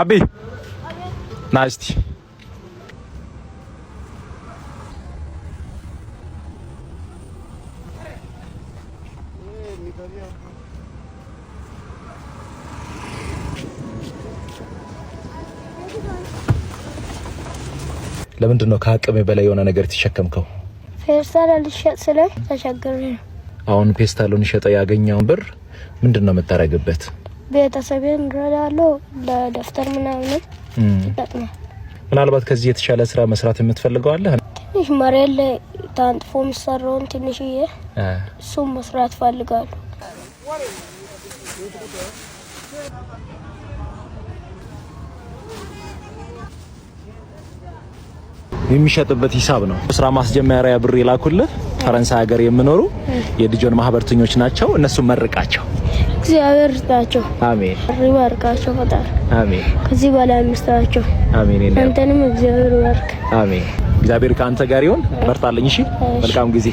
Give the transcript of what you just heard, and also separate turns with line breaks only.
አቤ ናስቲ እስቲ ለምንድን ነው ከአቅሜ በላይ የሆነ ነገር የተሸከምከው?
ፌስታል ልሸጥ ስለ ተቸግሬ
አሁን ፌስታሉን ሸጠ ያገኘውን ብር ምንድን ነው የምታደርግበት?
ቤተሰቤን እረዳለሁ። ለደፍተር ምናምን
ይጠቅማል። ምናልባት ከዚህ የተሻለ ስራ መስራት የምትፈልገው አለ?
ትንሽ መሬት ላይ ታንጥፎ የሚሰራውን ትንሽዬ እሱም መስራት ፈልጋለሁ።
የሚሸጥበት ሂሳብ ነው። ስራ ማስጀመሪያ ብር የላኩልህ ፈረንሳይ ሀገር የሚኖሩ የልጆን ማህበርተኞች ናቸው። እነሱ መርቃቸው
እግዚአብሔር ይርዳቸው። አሜን። ይባርካቸው ፈጣሪ። አሜን። ከዚህ በላይ ይስጣቸው። አሜን። አንተንም እግዚአብሔር ይባርክ።
አሜን። እግዚአብሔር ከአንተ ጋር ይሁን። በርታለኝ። እሺ፣ መልካም ጊዜ